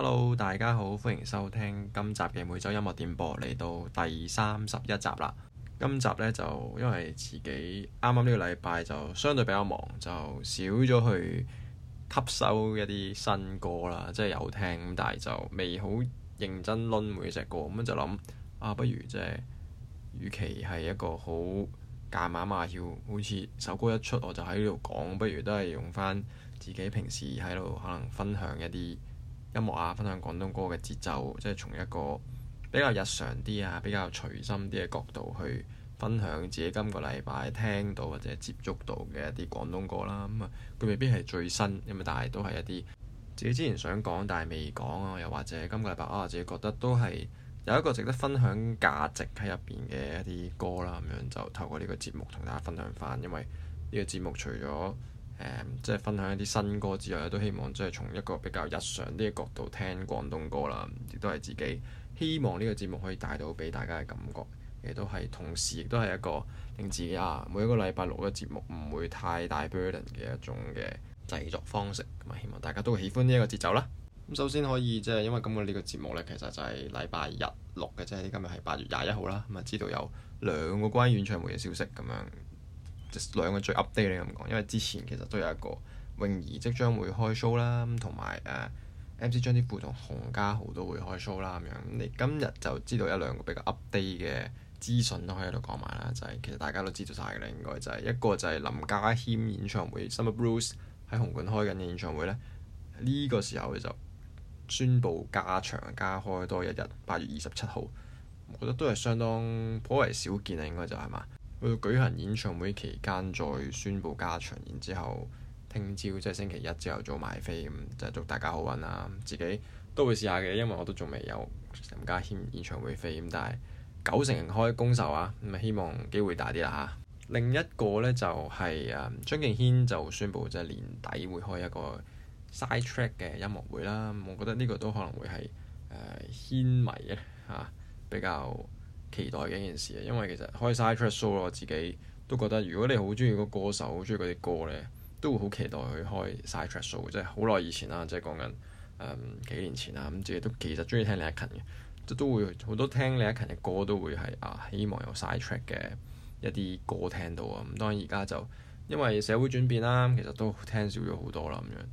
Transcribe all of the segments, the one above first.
hello，大家好，歡迎收聽今集嘅每周音樂點播，嚟到第三十一集啦。今集呢，就因為自己啱啱呢個禮拜就相對比較忙，就少咗去吸收一啲新歌啦。即係有聽，但係就未好認真撚每隻歌咁樣就諗啊，不如即係，呃、與其係一個好夾硬要，好似首歌一出我就喺呢度講，不如都係用翻自己平時喺度可能分享一啲。音樂啊，分享廣東歌嘅節奏，即係從一個比較日常啲啊，比較隨心啲嘅角度去分享自己今個禮拜聽到或者接觸到嘅一啲廣東歌啦。咁、嗯、啊，佢未必係最新，因為，但係都係一啲自己之前想講但係未講咯。又或者今個禮拜啊，自己覺得都係有一個值得分享價值喺入邊嘅一啲歌啦。咁樣就透過呢個節目同大家分享翻，因為呢個節目除咗～嗯、即係分享一啲新歌之外，都希望即係從一個比較日常啲嘅角度聽廣東歌啦，亦都係自己希望呢個節目可以帶到俾大家嘅感覺，亦都係同時亦都係一個令自己啊每一個禮拜六嘅節目唔會太大 burden 嘅一種嘅製作方式，咁啊希望大家都喜歡呢一個節奏啦。咁首先可以即係因為今日呢個節目呢，其實就係禮拜日錄嘅，即係今日係八月廿一號啦，咁啊知道有兩個關於演唱會嘅消息咁樣。即兩個最 update 你咁講，因為之前其實都有一個泳兒即將會開 show 啦，同埋誒 MC 張天賦同洪嘉豪都會開 show 啦咁樣。你今日就知道一兩個比較 update 嘅資訊都可以喺度講埋啦，就係、是、其實大家都知道晒嘅啦應該，就係一個就係林家謙演唱會 Summer Blues 喺紅館開緊嘅演唱會咧，呢、這個時候就宣佈加場加開多一日，八月二十七號，我覺得都係相當頗為少見啊，應該就係、是、嘛？去舉行演唱會期間再宣佈加場，然後之後聽朝即係星期一朝頭早買飛咁，就是、祝大家好運啦、啊！自己都會試下嘅，因為我都仲未有林家謙演唱會飛咁，但係九成人開公售啊，咁咪希望機會大啲啦嚇。另一個呢，就係、是、誒張敬軒就宣佈即係年底會開一個 side track 嘅音樂會啦，我覺得呢個都可能會係誒軒迷啊嚇比較。期待嘅一件事啊，因為其實開 side track show 我自己都覺得如果你好中意個歌手，好中意嗰啲歌咧，都會好期待去開 side track show 即。即係好耐以前啦，即係講緊誒幾年前啦，咁自己都其實中意聽李克勤嘅，都都會好多聽李克勤嘅歌，都會係啊希望有 side track 嘅一啲歌聽到啊。咁當然而家就因為社會轉變啦，其實都聽少咗好多啦，咁樣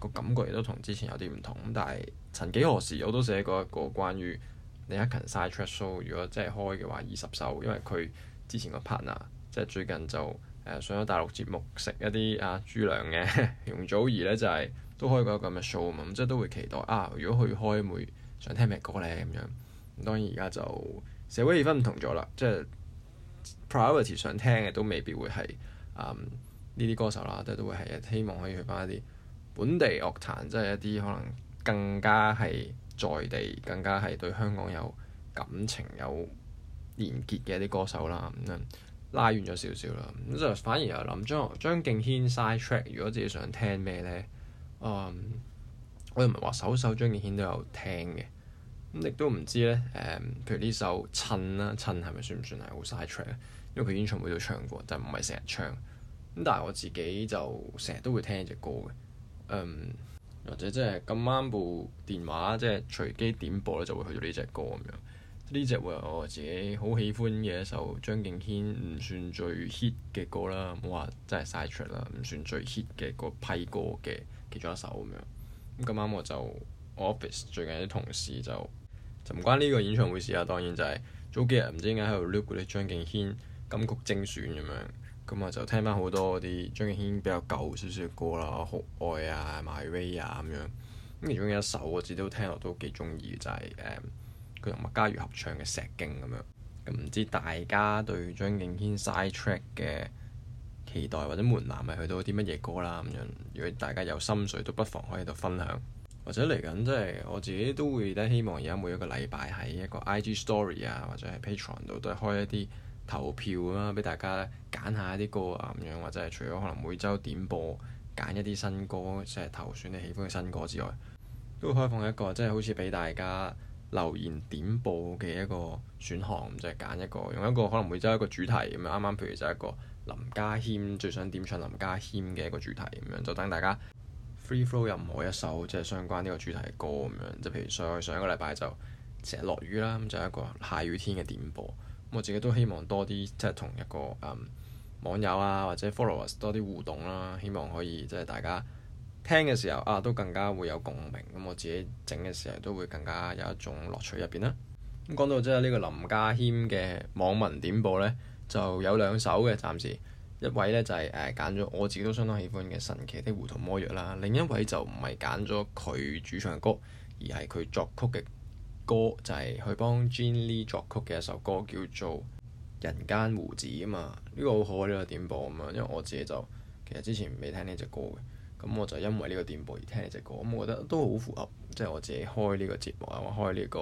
個感覺亦都同之前有啲唔同。咁但係曾幾何時，我都寫過一個關於。李克勤晒出 show，如果真係開嘅話，二十首，因為佢之前個 partner，即係最近就誒、呃、上咗大陸節目食一啲啊豬糧嘅 容祖兒咧，就係、是、都開過咁嘅 show 嘛、嗯，咁即係都會期待啊。如果佢開，會想聽咩歌咧，咁樣。咁、嗯、當然而家就社會氣氛唔同咗啦，即係 priority 想聽嘅都未必會係啊呢啲歌手啦，都都會係希望可以去翻一啲本地樂壇，即係一啲可能更加係。在地更加係對香港有感情、有連結嘅一啲歌手啦，咁樣拉遠咗少少啦。咁就反而又諗張張敬軒 side track，如果自己想聽咩咧，嗯，我又唔係話首首張敬軒都有聽嘅。咁、嗯、亦都唔知咧，誒、嗯，譬如呢首襯啦，襯係咪算唔算係好 side track 咧？因為佢演唱會都唱過，就唔係成日唱。咁但係我自己就成日都會聽隻歌嘅，嗯。或者即係咁啱部電話即係隨機點播咧，就會去到呢隻歌咁樣。呢隻會係我自己好喜歡嘅一首張敬軒唔算最 hit 嘅歌啦，我話真係晒出啦，唔算最 hit 嘅個批歌嘅其中一首咁樣。咁咁啱我就 office 最近啲同事就就唔關呢個演唱會事啊，當然就係早幾日唔知點解喺度 look 嗰啲張敬軒金曲精選咁樣。咁我就聽翻好多啲張敬軒比較舊少少嘅歌啦，好愛啊、My Way 啊咁樣。咁其中有一首我自己都聽落都幾中意，就係誒佢同麥家瑜合唱嘅《石經》咁樣。咁唔知大家對張敬軒 Side Track 嘅期待或者門檻係去到啲乜嘢歌啦咁樣？如果大家有心水，都不妨可以喺度分享。或者嚟緊即係我自己都會咧希望而家每一個禮拜喺一個 IG Story 啊或者係 Patreon 度都開一啲。投票咁樣俾大家揀下啲歌啊咁樣，或者係除咗可能每周點播揀一啲新歌，即係投選你喜歡嘅新歌之外，都開放一個即係好似俾大家留言點播嘅一個選項，即係揀一個用一個可能每週一個主題咁樣。啱啱譬如就一個林家謙最想點唱林家謙嘅一個主題咁樣，就等大家 free flow 任何一首即係相關呢個主題歌咁樣。就譬如上上一個禮拜就成日落雨啦，咁就一個下雨天嘅點播。我自己都希望多啲即係同一個、嗯、網友啊或者 followers 多啲互動啦、啊，希望可以即係大家聽嘅時候啊都更加會有共鳴，咁我自己整嘅時候都會更加有一種樂趣入邊啦、啊。咁講到即係呢個林家謙嘅網民點播咧，就有兩首嘅。暫時一位咧就係誒揀咗我自己都相當喜歡嘅《神奇的胡桃魔藥》啦，另一位就唔係揀咗佢主唱歌，而係佢作曲嘅。歌就係去幫 Gin Lee 作曲嘅一首歌，叫做《人間胡子》啊嘛，呢個好好呢個點播啊嘛，因為我自己就其實之前未聽呢隻歌嘅，咁我就因為呢個點播而聽呢隻歌，咁我覺得都好符合，即係我自己開呢個節目啊，我開呢個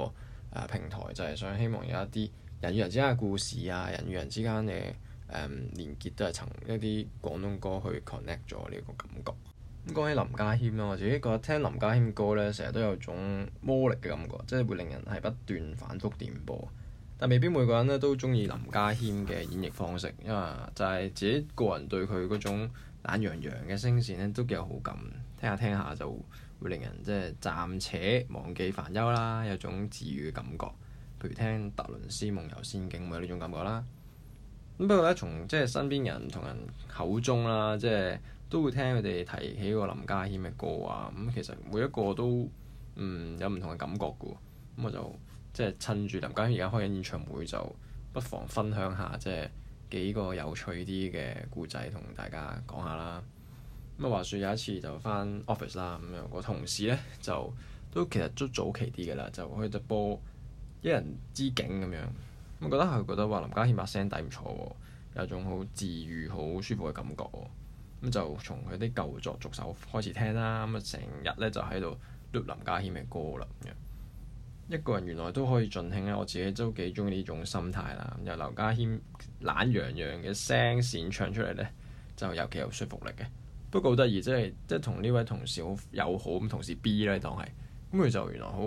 啊平台就係想希望有一啲人與人之間嘅故事啊，人與人之間嘅誒連結都係從一啲廣東歌去 connect 咗呢個感覺。咁講起林家謙啦，我自己覺得聽林家謙歌呢，成日都有種魔力嘅感覺，即係會令人係不斷反覆點播。但未必每個人呢都鍾意林家謙嘅演繹方式，因為就係自己個人對佢嗰種懶洋洋嘅聲線呢都幾有好感。聽下聽下就會令人即係暫且忘記煩憂啦，有種治癒嘅感覺。譬如聽《特倫斯夢遊仙境》咪有呢種感覺啦。咁不過呢，從即係身邊人同人口中啦，即係。都會聽佢哋提起過林家謙嘅歌啊。咁其實每一個都嗯有唔同嘅感覺嘅喎。咁我就即係趁住林家謙而家開緊演唱會，就不妨分享下即係幾個有趣啲嘅故仔，同大家講下啦。咁啊，話説有一次就翻 office 啦，咁樣個同事咧就都其實都早期啲嘅啦，就去直播，一人之境咁樣咁，覺得係覺得話林家謙把聲底唔錯喎，有種好治愈、好舒服嘅感覺喎。咁、嗯、就從佢啲舊作逐首開始聽啦。咁、嗯、啊，成日咧就喺度錄林家謙嘅歌啦。咁樣一個人原來都可以盡興咧。我自己都幾中意呢種心態啦。由林家謙懶洋洋嘅聲線唱出嚟咧，就尤其有說服力嘅。不過好得意，即係即係同呢位同事好友好咁。同事 B 咧，當係咁佢就原來好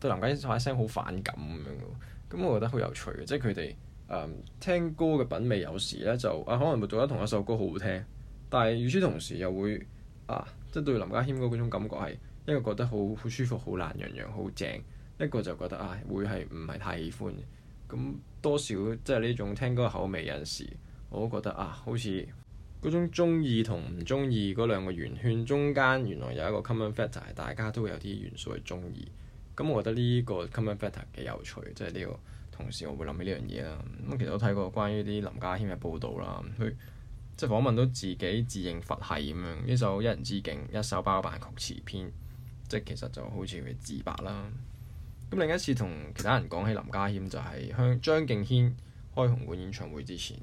對林家謙塊聲好反感，咁樣咁，我覺得好有趣嘅，即係佢哋誒聽歌嘅品味有時咧就啊，可能會覺得同一首歌好好聽。但係與此同時又會啊，即係對林家謙嗰種感覺係一個覺得好好舒服、好懶洋洋、好正，一個就覺得啊會係唔係太喜歡嘅。咁多少即係呢種聽歌口味有陣時，我都覺得啊，好似嗰種中意同唔中意嗰兩個圓圈中間，原來有一個 common factor，大家都會有啲元素去中意。咁我覺得呢個 common factor 幾有趣，即係呢個同時我會諗起呢樣嘢啦。咁其實都睇過關於啲林家謙嘅報導啦，即係訪問到自己自認佛系，咁樣呢首《一人之境》，一首包辦曲詞篇，即其實就好似佢自白啦。咁另一次同其他人講起林家謙，就係、是、向張敬軒開紅館演唱會之前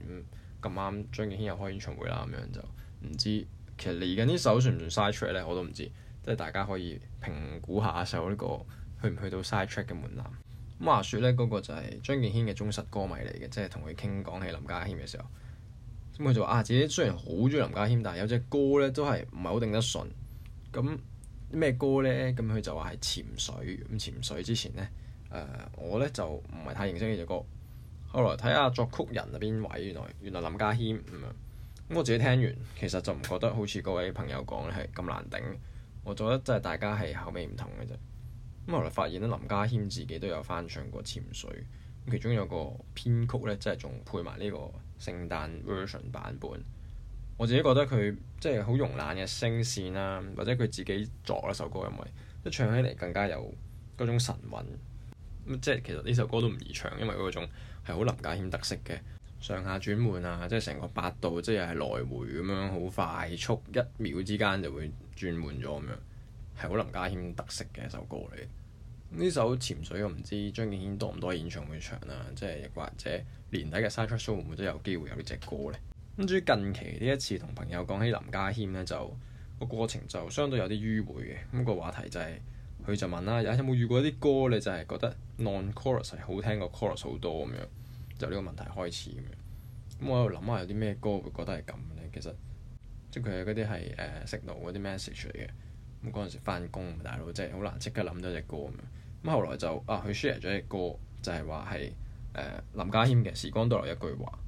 咁，啱張敬軒又開演唱會啦，咁樣就唔知其實嚟緊呢首算唔算 side t r 咧？我都唔知，即係大家可以評估一下一首呢個去唔去到 side t 嘅門檻。咁話説呢，嗰、那個就係張敬軒嘅忠實歌迷嚟嘅，即係同佢傾講起林家謙嘅時候。咁佢就話：啊，自己雖然好中意林家謙，但係有隻歌咧都係唔係好頂得順。咁咩歌咧？咁佢就話係《潛水》。咁《潛水》之前咧，誒、呃、我咧就唔係太認識呢隻歌。後來睇下作曲人邊位，原來原來林家謙。咁我自己聽完，其實就唔覺得好似各位朋友講咧係咁難頂。我覺得真係大家係口味唔同嘅啫。咁後來發現咧，林家謙自己都有翻唱過《潛水》。其中有一個編曲咧，即係仲配埋呢個聖誕 version 版本。我自己覺得佢即係好慵懶嘅聲線啦、啊，或者佢自己作一首歌，因為一唱起嚟更加有嗰種神韻。咁即係其實呢首歌都唔易唱，因為嗰種係好林家謙特色嘅上下轉換啊，即係成個八度，即係係來回咁樣好快速，一秒之間就會轉換咗咁樣，係好林家謙特色嘅一首歌嚟。呢首潛水我唔知張敬軒多唔多演唱會唱啊，即係或者年底嘅 side track show 會唔會都有機會有呢隻歌呢？咁至於近期呢一次同朋友講起林家謙呢，就個過程就相對有啲迂迴嘅。咁、個話題就係、是、佢就問啦、啊，有冇遇過啲歌咧，你就係覺得 non chorus 係好聽過 chorus 好多咁樣，就呢個問題開始咁樣。咁我喺度諗下有啲咩歌會覺得係咁呢？其實即係佢係嗰啲係誒 signal 嗰啲 message 嚟嘅。咁、uh, 嗰時翻工，大佬即係好難即刻諗到隻歌咁樣。咁後來就啊，佢 share 咗隻歌，就係話係誒林家謙嘅《時光倒流》一句話，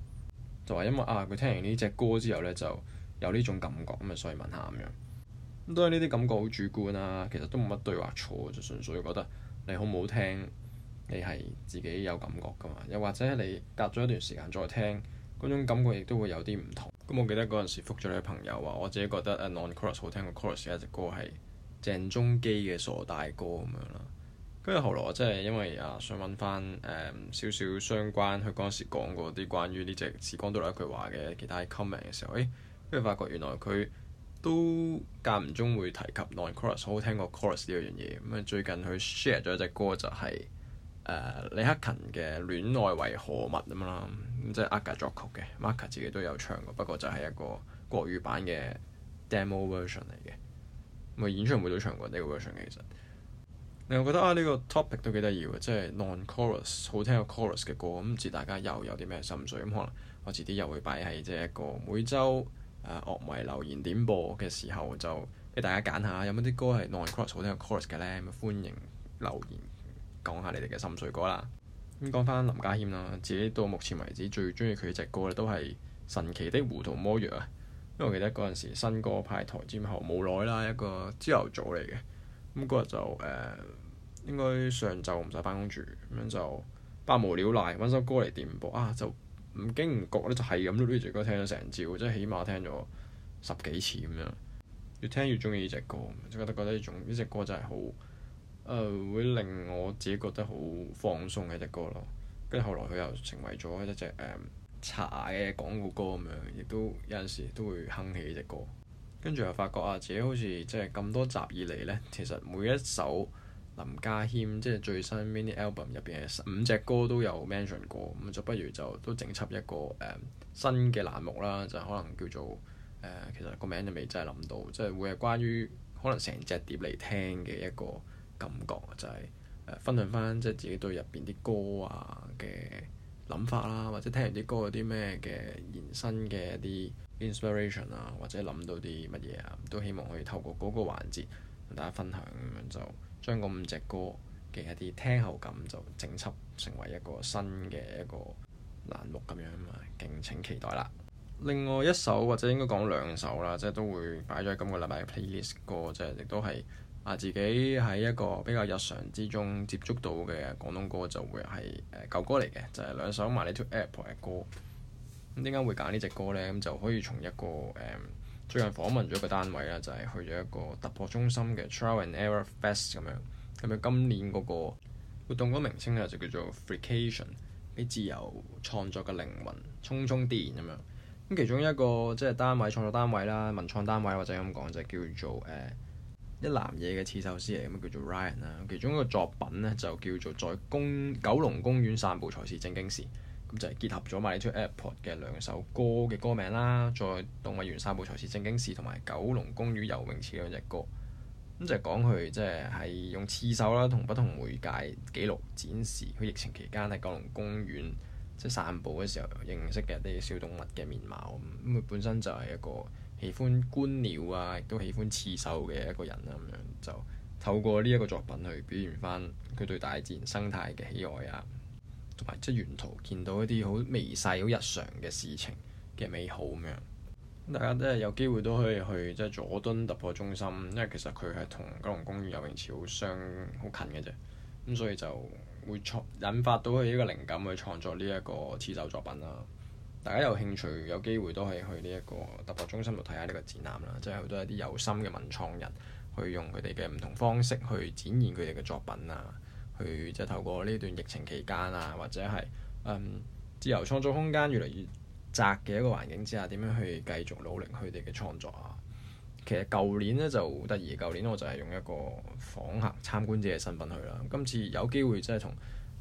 就話因為啊，佢聽完呢隻歌之後咧，就有呢種感覺，咁、嗯、啊所以問下咁樣。咁都係呢啲感覺好主觀啊，其實都冇乜對話錯，就純粹覺得你好唔好聽，你係自己有感覺噶嘛。又或者你隔咗一段時間再聽，嗰種感覺亦都會有啲唔同。咁我記得嗰陣時覆咗你嘅朋友話，我自己覺得、A、non chorus 好聽過 chorus 嘅一隻歌係鄭中基嘅《傻大哥》咁樣啦。跟住後來我真係因為啊想揾翻誒少少相關，佢嗰陣時講過啲關於呢隻《時光倒流一句話》嘅其他 comment 嘅時候，誒跟住發覺原來佢都間唔中會提及 non chorus 好好聽過 chorus 呢樣嘢。咁、嗯、啊最近佢 share 咗一隻歌就係、是、誒、呃、李克勤嘅《戀愛為何物》吖嘛，咁、嗯、即係 a k a 作曲嘅，Marka 自己都有唱過，不過就係一個國語版嘅 demo version 嚟嘅。咁、嗯、啊演唱會都唱過呢個 version 其實。你我覺得啊，呢、這個 topic 都幾得意嘅，即係 non chorus 好聽嘅 chorus 嘅歌，咁、嗯、唔知大家又有啲咩心水，咁、嗯、可能我遲啲又會擺喺即係一個每周誒樂、呃、迷留言點播嘅時候就，就、哎、俾大家揀下、啊、有冇啲歌係 non chorus 好聽嘅 chorus 嘅咧，咁、嗯、歡迎留言講下你哋嘅心水歌啦。咁講翻林家謙啦，自己到目前為止最中意佢一隻歌咧，都係《神奇的糊塗魔藥》啊，因為我記得嗰陣時新歌派台之後冇耐啦，一個朝頭早嚟嘅。咁嗰日就誒、呃，應該上晝唔使翻工住，咁樣就百無聊賴，揾首歌嚟點播啊！就唔經唔覺咧，就係咁 loop loop 住歌聽咗成朝，即係起碼聽咗十幾次咁樣，越聽越中意呢隻歌，即係覺得覺得呢種呢隻歌真係好誒、呃，會令我自己覺得好放鬆嘅一隻歌咯。跟住後來佢又成為咗一隻誒茶嘅廣告歌咁樣，亦都有陣時都會哼起呢隻歌。跟住又發覺啊，自己好似即係咁多集以嚟呢，其實每一首林家謙即係最新 mini album 入邊嘅五隻歌都有 mention 過，咁就不如就都整輯一個誒新嘅欄目啦，就可能叫做誒其實個名就未真係諗到，即係會係關於可能成隻碟嚟聽嘅一個感覺，就係誒分享翻即係自己對入邊啲歌啊嘅諗法啦，或者聽完啲歌有啲咩嘅延伸嘅一啲 inspiration 啊，或者諗到啲乜嘢啊，都希望可以透過嗰個環節同大家分享咁樣，就將嗰五隻歌嘅一啲聽後感就整輯成為一個新嘅一個欄目咁樣啊，敬請期待啦。另外一首或者應該講兩首啦，即係都會擺咗今個禮拜嘅 playlist 歌，即係亦都係。啊！自己喺一個比較日常之中接觸到嘅廣東歌就會係誒舊歌嚟嘅，就係、是、兩首《My Little Airport》嘅歌。咁點解會揀呢隻歌呢？咁就可以從一個誒、嗯、最近訪問咗一個單位啦，就係、是、去咗一個突破中心嘅 Trial and Error Fest 咁樣。咁啊，今年嗰個活動嗰個名稱咧就叫做 Freecation 俾自由創作嘅靈魂充充電咁樣。咁其中一個即係、就是、單位創作單位啦、文創單位或者咁講，就是、叫做誒。嗯一男嘢嘅刺繡師嚟，咁叫做 Ryan 啦。其中一個作品呢，就叫做《在公九龍公園散步才是正經事》，咁就係結合咗埋 my little airport 嘅兩首歌嘅歌名啦，《在動物園散步才是正經事》同埋《九龍公園游泳池》兩隻歌。咁就係講佢即係係用刺繡啦，同不同媒介記錄展示佢疫情期間喺九龍公園即係、就是、散步嘅時候認識嘅一啲小動物嘅面貌。咁佢本身就係一個喜歡觀鳥啊，亦都喜歡刺繡嘅一個人啊，咁樣就透過呢一個作品去表現翻佢對大自然生態嘅喜愛啊，同埋即係沿途見到一啲好微細好日常嘅事情嘅美好咁、啊、樣。大家都係有機會都可以去即係、就是、佐敦突破中心，因為其實佢係同九龍公園游泳池好相好近嘅啫，咁所以就會創引發到佢一個靈感去創作呢一個刺繡作品啦、啊。大家有興趣，有機會都可以去呢、這、一個特博中心度睇下呢個展覽啦。即係好多一啲有心嘅文創人，去用佢哋嘅唔同方式去展現佢哋嘅作品啊。去即係透過呢段疫情期間啊，或者係、嗯、自由創作空間越嚟越窄嘅一個環境之下，點樣去繼續努力佢哋嘅創作啊？其實舊年呢，就得意，舊年我就係用一個訪客、參觀者嘅身份去啦。今次有機會即係同，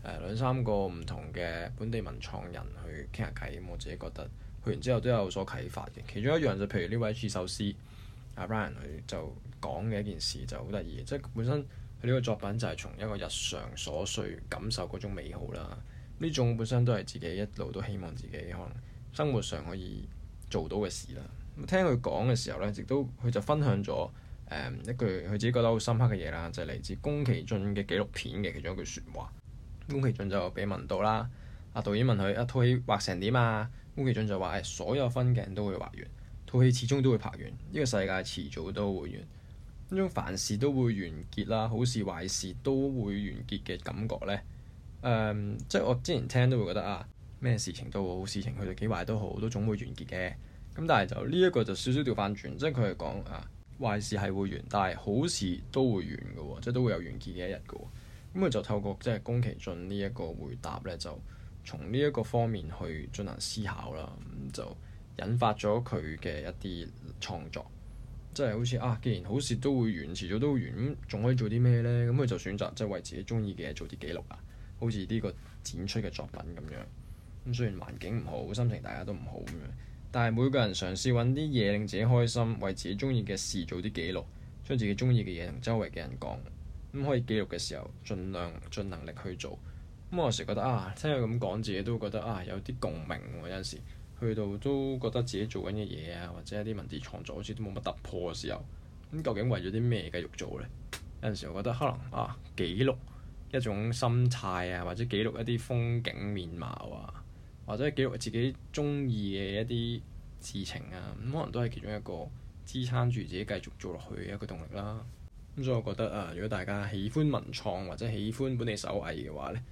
誒，兩三個唔同嘅本地文創人去傾下偈，我自己覺得去完之後都有所啟發嘅。其中一樣就譬如呢位刺繡師阿 Brian，佢就講嘅一件事就好得意，即係本身佢呢個作品就係從一個日常所需感受嗰種美好啦。呢種本身都係自己一路都希望自己可能生活上可以做到嘅事啦。咁聽佢講嘅時候呢，亦都佢就分享咗嗯，一句佢自己覺得好深刻嘅嘢啦，就係嚟自宮崎駿嘅紀錄片嘅其中一句説話。宮崎駿就俾問到啦，阿導演問佢：一套戲畫成點啊？宮崎駿就話：誒、哎，所有分鏡都會畫完，套戲始終都會拍完，呢、這個世界遲早都會完。呢種凡事都會完結啦，好事壞事都會完結嘅感覺咧，誒、um，即係我之前聽都會覺得啊，咩事情都好，事情去到幾壞都好，都總會完結嘅。咁但係就呢一、這個就少少掉翻轉，即係佢係講啊，壞事係會完，但係好事都會完嘅喎，即係都會有完結嘅一日嘅喎。咁佢就透過即係宮崎駿呢一個回答咧，就從呢一個方面去進行思考啦。咁就引發咗佢嘅一啲創作，即係好似啊，既然好事都會完，遲早都會完，咁仲可以做啲咩咧？咁佢就選擇即係為自己中意嘅嘢做啲記錄啊，好似呢個展出嘅作品咁樣。咁雖然環境唔好，心情大家都唔好咁樣，但係每個人嘗試揾啲嘢令自己開心，為自己中意嘅事做啲記錄，將自己中意嘅嘢同周圍嘅人講。咁可以記錄嘅時候，盡量盡能力去做。咁有時覺得啊，聽佢咁講，自己都覺得啊，有啲共鳴、啊。有陣時去到都覺得自己做緊嘅嘢啊，或者一啲文字創作好似都冇乜突破嘅時候，咁究竟為咗啲咩而繼續做咧？有陣時我覺得可能啊，記錄一種心態啊，或者記錄一啲風景面貌啊，或者記錄自己中意嘅一啲事情啊，咁可能都係其中一個支撐住自己繼續做落去嘅一個動力啦、啊。咁所以，我覺得啊，如果大家喜歡文創或者喜歡本地手藝嘅話，咧，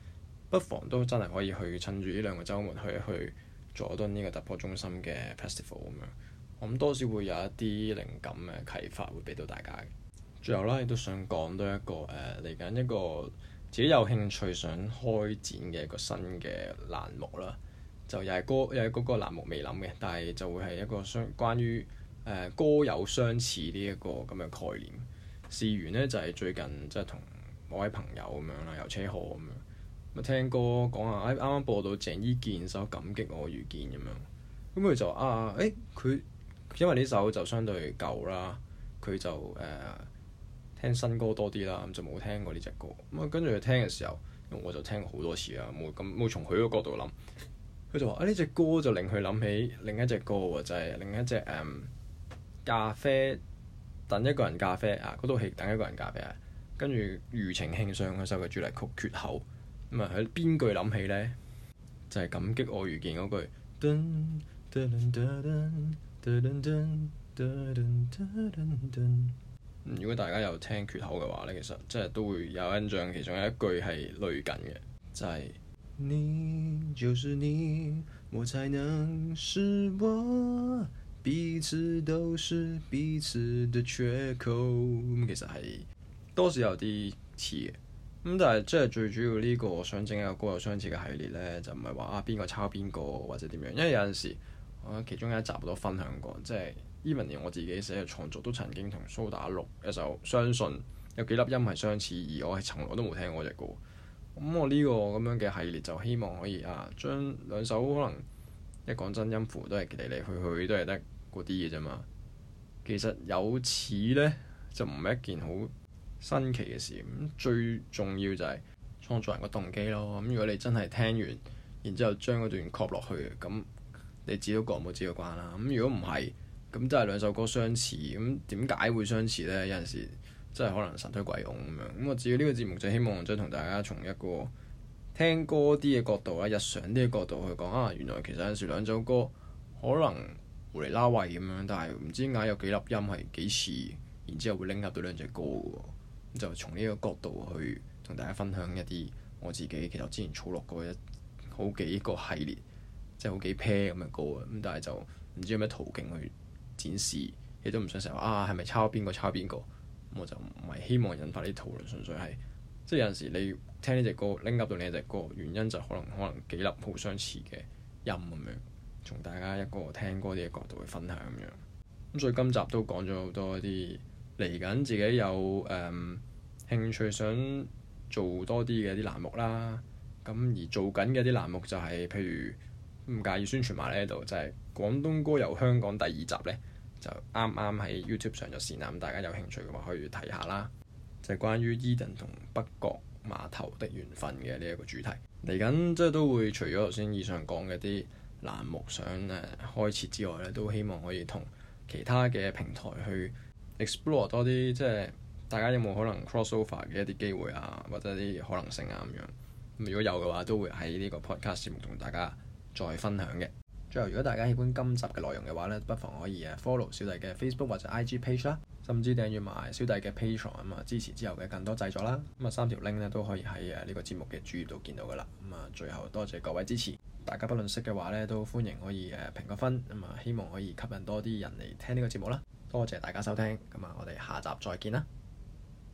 不妨都真係可以去趁住呢兩個周末去去佐敦呢個突破中心嘅 festival 咁樣。咁多少會有一啲靈感嘅啟發會俾到大家。最後啦，亦都想講多一個誒，嚟緊一個自己有興趣想開展嘅一個新嘅欄目啦。就又係歌又係嗰個欄目未諗嘅，但係就會係一個相關於誒、呃、歌有相似呢一個咁嘅概念。事源呢就係、是、最近即係同某位朋友咁樣啦，遊車河咁樣，咁聽歌講下，啱啱播到鄭伊健首《感激我遇見》咁樣，咁佢就話啊，誒、欸、佢因為呢首就相對舊啦，佢就誒、呃、聽新歌多啲啦，咁就冇聽過呢隻歌。咁啊跟住佢聽嘅時候，我就聽過好多次啦，冇咁冇從佢個角度諗，佢就話啊呢隻歌就令佢諗起另一隻歌喎，就係、是、另一隻誒咖啡。等一個人咖啡啊！嗰套戲等一個人咖啡，跟住庾澄慶上佢首嘅主題曲缺口，咁啊喺邊句諗起呢？就係、是、感激我遇見嗰句。如果大家有聽缺口嘅話呢，其實即係都會有印象，其中有一句係類近嘅，就係，彼此都是彼此的缺口，咁，其實係多少有啲似嘅，咁，但係即係最主要呢個想整一個歌有相似嘅系列咧，就唔係話啊邊個抄邊個或者點樣，因為有陣時，我其中有一集都分享過，即係 even 我自己寫嘅創作都曾經同蘇打綠一首《相信》有幾粒音係相似，而我係從來都冇聽過隻歌。咁我呢個咁樣嘅系列就希望可以啊，將兩首可能一講真音符都係嚟嚟去去都係得。嗰啲嘢啫嘛，其實有似呢，就唔係一件好新奇嘅事。咁最重要就係創作人個動機咯。咁如果你真係聽完，然之後將嗰段曲落去，咁你自己都過唔到自己嗰關啦、啊。咁如果唔係，咁真係兩首歌相似，咁點解會相似呢？有陣時真係可能神推鬼用咁樣。咁我至於呢個節目就希望再同大家從一個聽歌啲嘅角度啦、日常啲嘅角度去講啊，原來其實有陣時兩首歌可能。胡嚟拉喂，咁樣，但係唔知點解有幾粒音係幾似，然之後會拎入到兩隻歌嘅，咁就從呢個角度去同大家分享一啲我自己其實之前儲落過一好幾個系列，即係好幾 pair 咁嘅歌啊，咁但係就唔知有咩途徑去展示，亦都唔想成日話啊係咪抄邊個抄邊個，咁我就唔係希望引發啲討論，純粹係即係有陣時你聽呢隻歌拎入到另一隻歌，原因就可能可能幾粒好相似嘅音咁樣。從大家一個聽歌啲嘅角度去分享咁樣，咁所以今集都講咗好多啲嚟緊自己有誒、嗯、興趣想做多啲嘅啲欄目啦，咁而做緊嘅啲欄目就係、是、譬如唔介意宣傳埋呢度，就係、是、廣東歌遊香港第二集呢，就啱啱喺 YouTube 上就線啦上咗線啦，大家有興趣嘅話可以睇下啦，就係、是、關於 Edan 同北角碼頭的緣分嘅呢一個主題，嚟緊即係都會除咗頭先以上講嘅啲。欄目想誒開設之外咧，都希望可以同其他嘅平台去 explore 多啲，即係大家有冇可能 cross over 嘅一啲機會啊，或者啲可能性啊咁樣。咁如果有嘅話，都會喺呢個 podcast 節目同大家再分享嘅。最後，如果大家喜歡今集嘅內容嘅話咧，不妨可以誒 follow 小弟嘅 Facebook 或者 IG page 啦，甚至訂閲埋小弟嘅 Patreon 啊支持之後嘅更多製作啦。咁啊，三條 link 咧都可以喺誒呢個節目嘅主頁度見到噶啦。咁啊，最後多謝各位支持。大家不吝嗇嘅話呢，都歡迎可以誒評個分，咁啊希望可以吸引多啲人嚟聽呢個節目啦。多謝大家收聽，咁啊我哋下集再見啦。